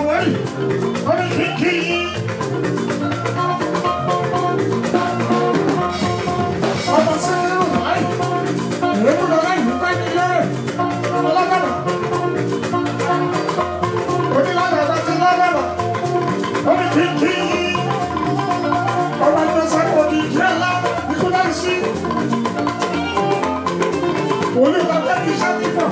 àwárí orí kìkì yín. ọmọ sí inú wáyé èébú lọ́lá ìlú pẹ́ nílé ọlọ́gbọ̀nà. onílànà ọ̀dọ́ ti lọ́gbọ̀nà orí kìkì yín. ọmọ ẹgbẹ́ sáko di ìdí ẹ̀la ikú náà sí. olùkọ́ tẹ́lifíṣẹ́ nípa.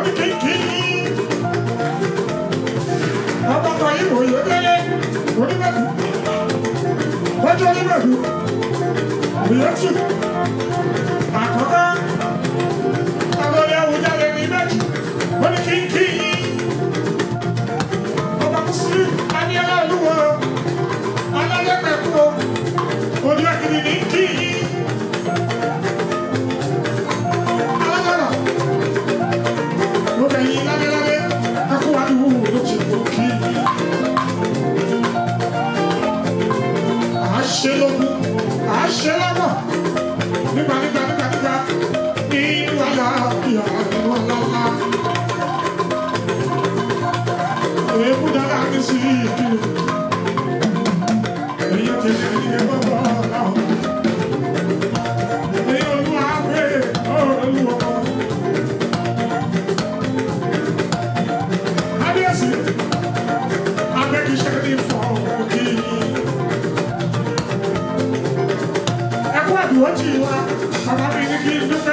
orí kìkì ọkọ̀ọ̀kọ̀ yìí wò yóò délé onímọ̀tò kọjú onímọ̀tò òyòtù àkọ́kọ́ olórí Awùjalè ní méjì orí kìkì ọba kùsùlù adéyẹlá olúwo alálẹ́pẹ̀kú oníwàkìlì ní kìkì. Aqui,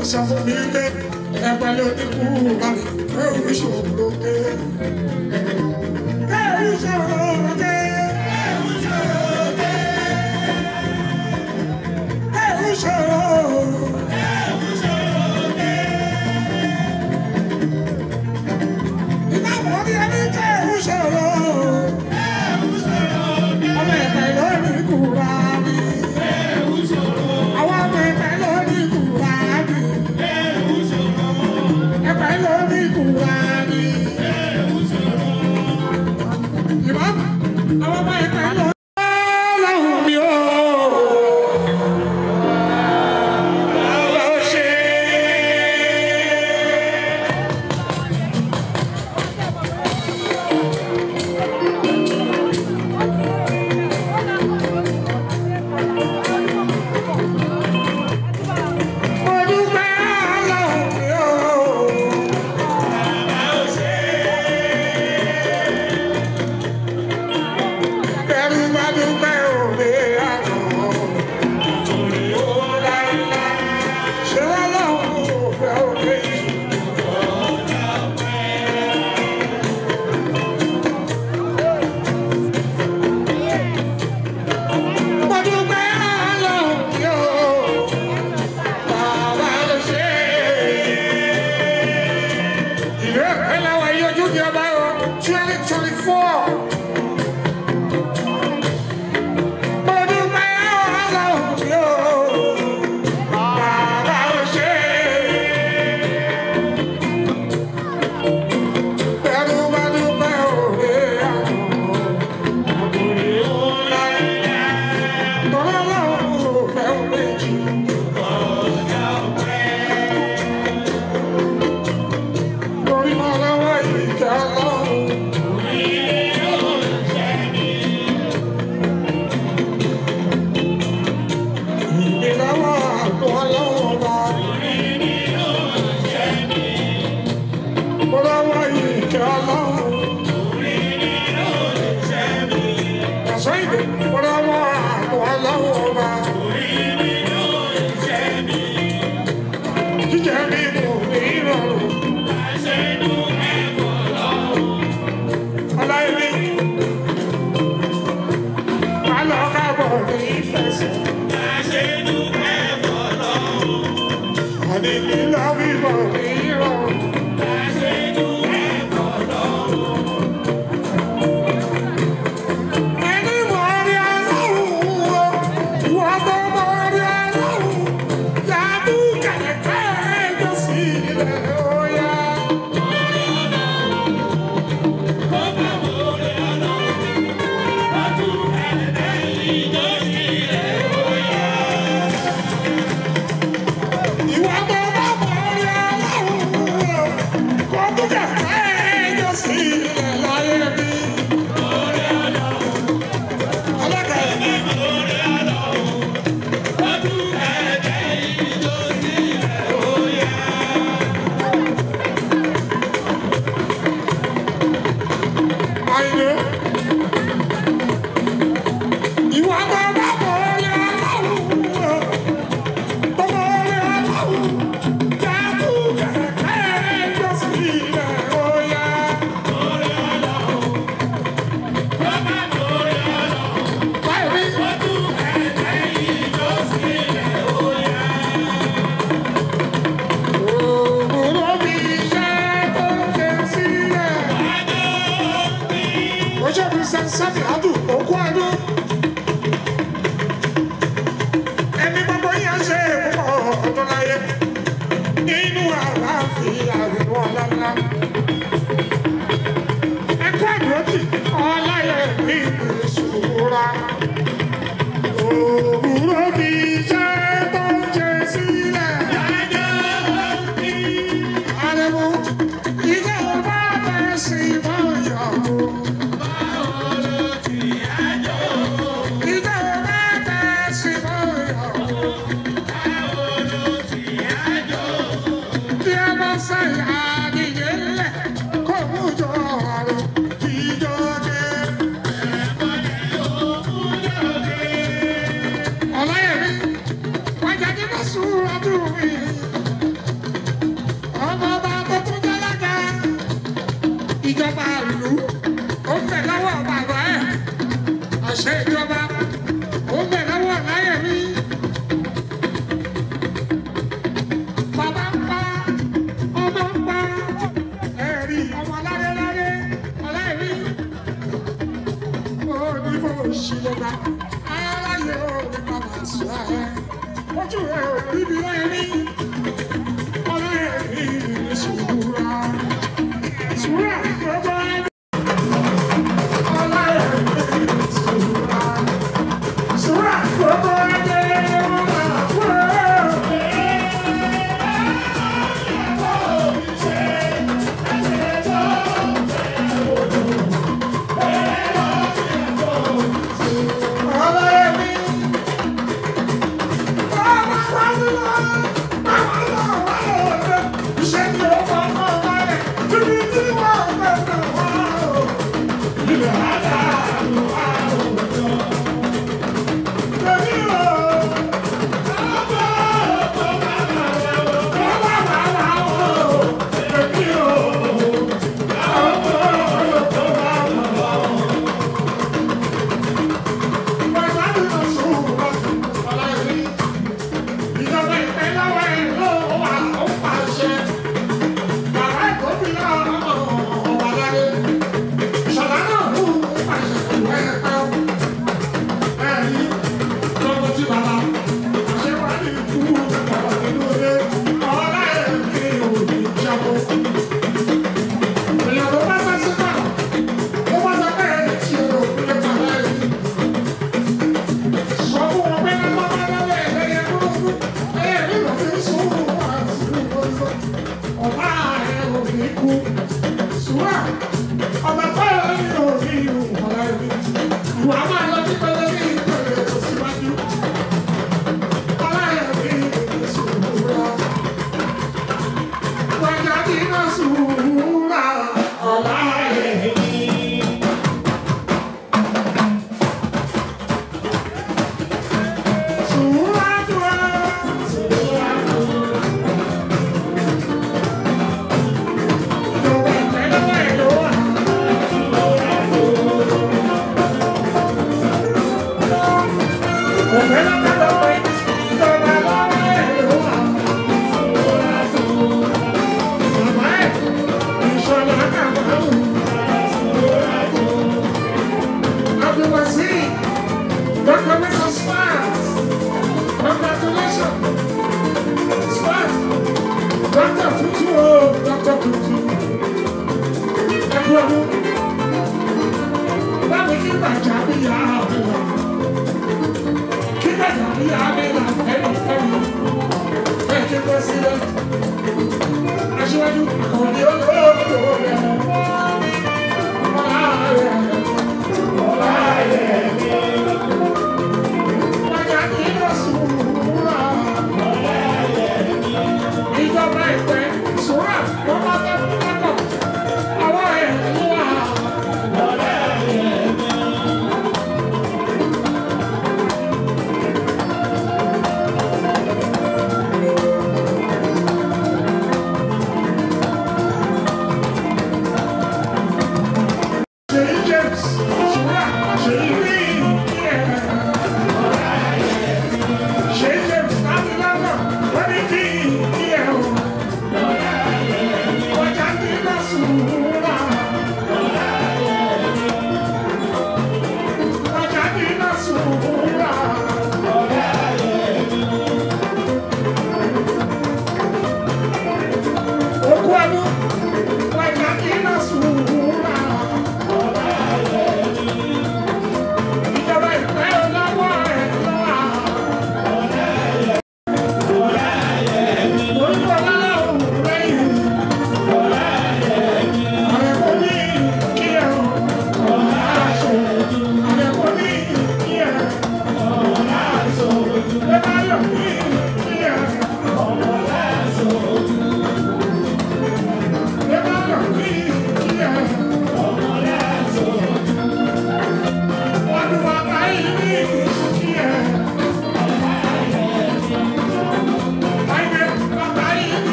ń sọ fún mi pé ẹgbẹ́ ló ní kú bá mi. Bẹ́ẹ̀ ni ìṣòro ló dé. ọba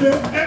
the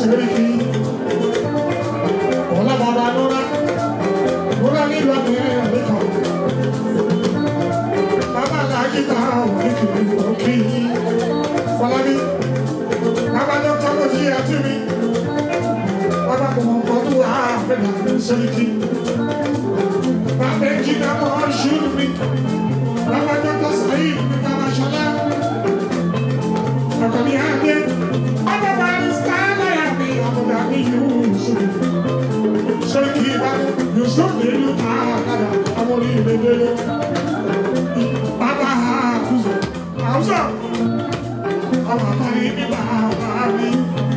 siriki ọlọ́mọba lọ́la lọ́la nílò abẹ́rẹ́ ọ̀lẹ́kọ̀ bàbá làájì ta òkìkiri òkì fọlábí bàbá dọ́kítà lọ́sí àti mi bàbá kò mọ̀ nǹkan tó wà á you should be the power. I want you to I'm a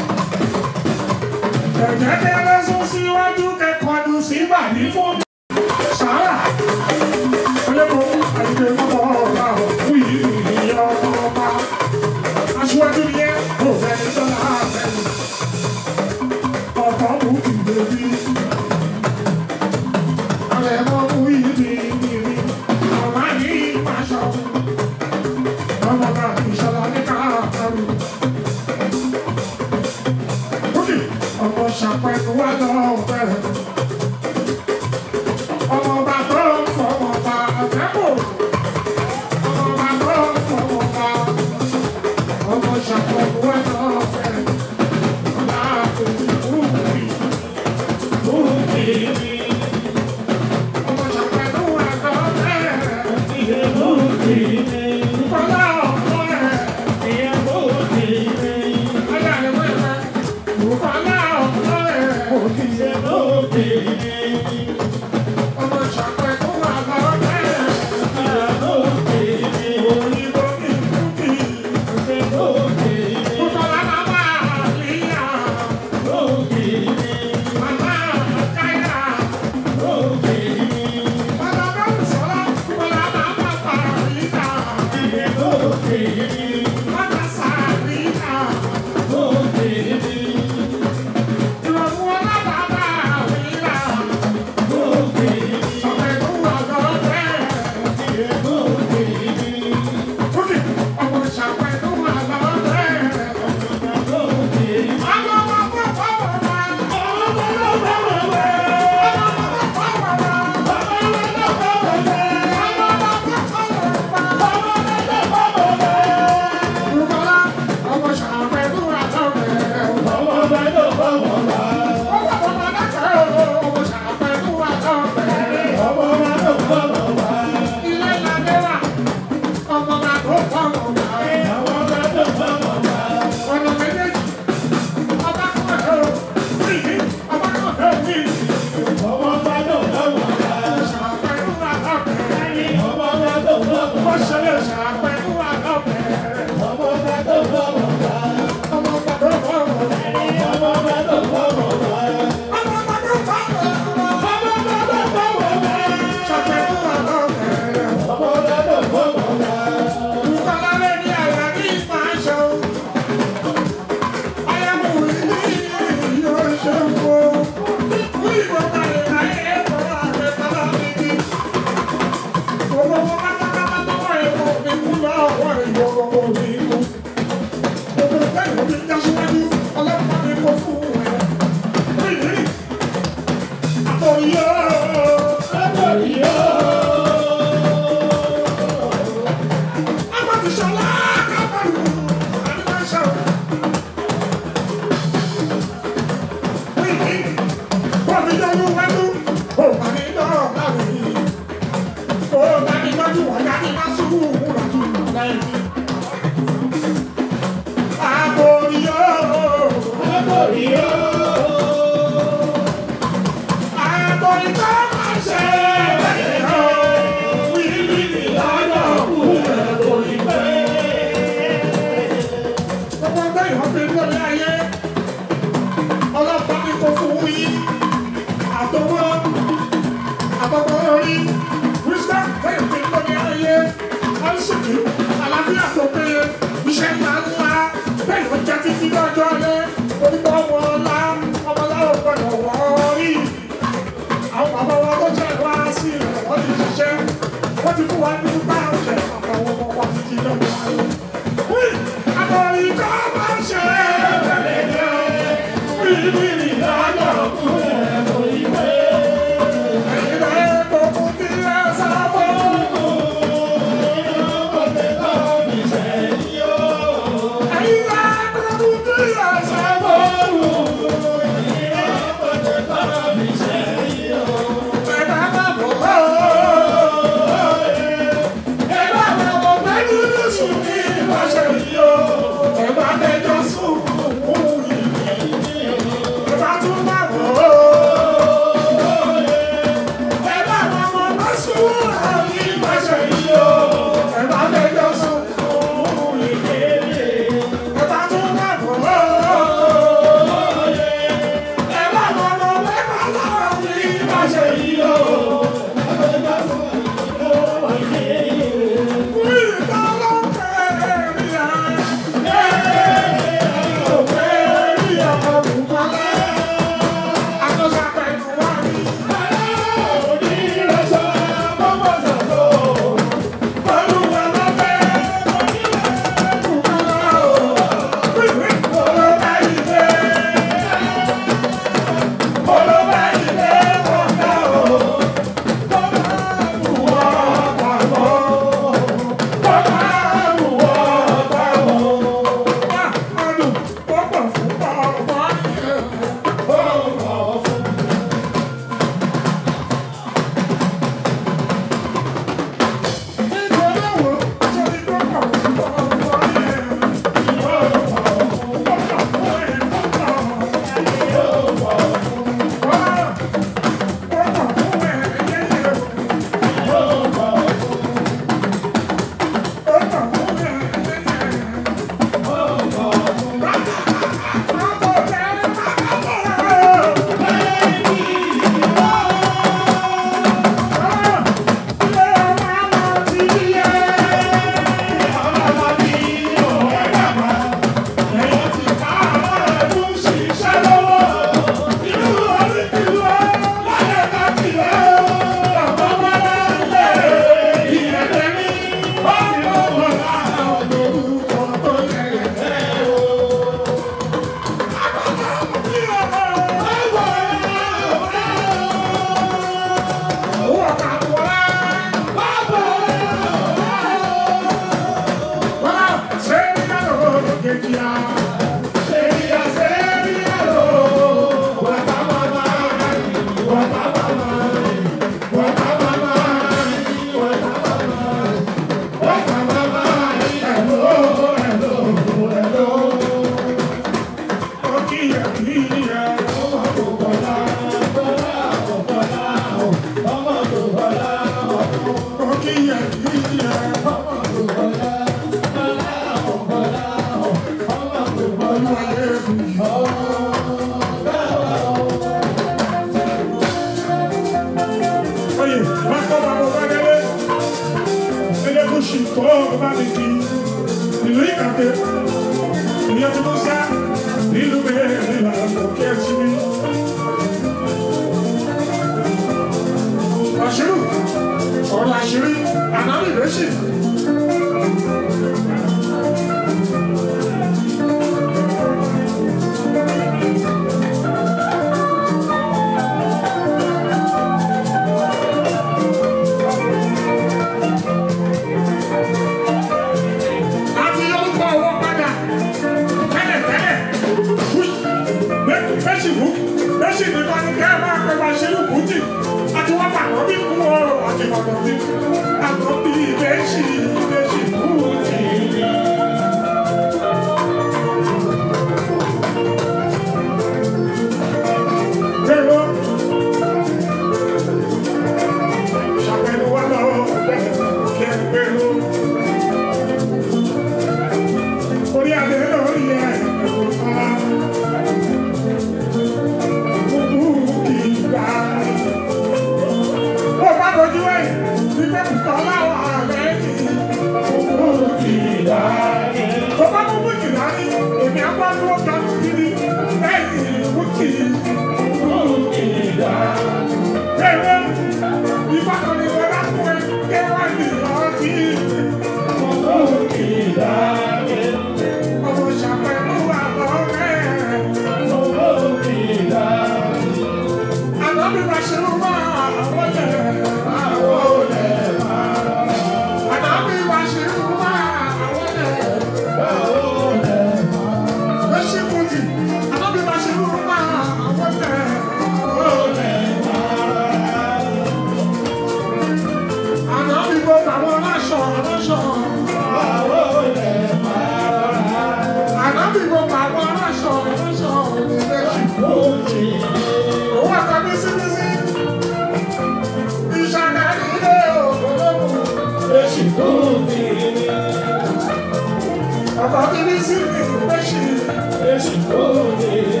Pode me se mexer, este poder.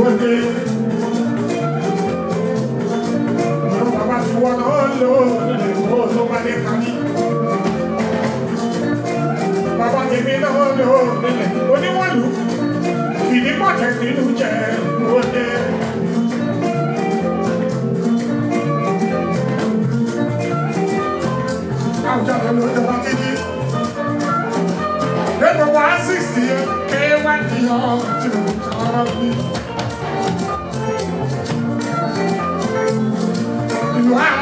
wọlé. Àwọn bàbá ti wọ́n lọ lò ó ló bá lè kàní. Bàbá ti mi lọ lò ó oníwọ̀lú ìdí pàtẹ nínú jẹ́ wọlé. Àwùjọ rẹ̀ ló jọba títí. Lẹ́nu wá sísè é, kéwàá di ọ̀ọ́ tí mo Wow.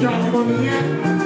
叫过年。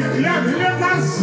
Let, let, let us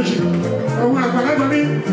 méjì. Òun àgbàlagbà mi.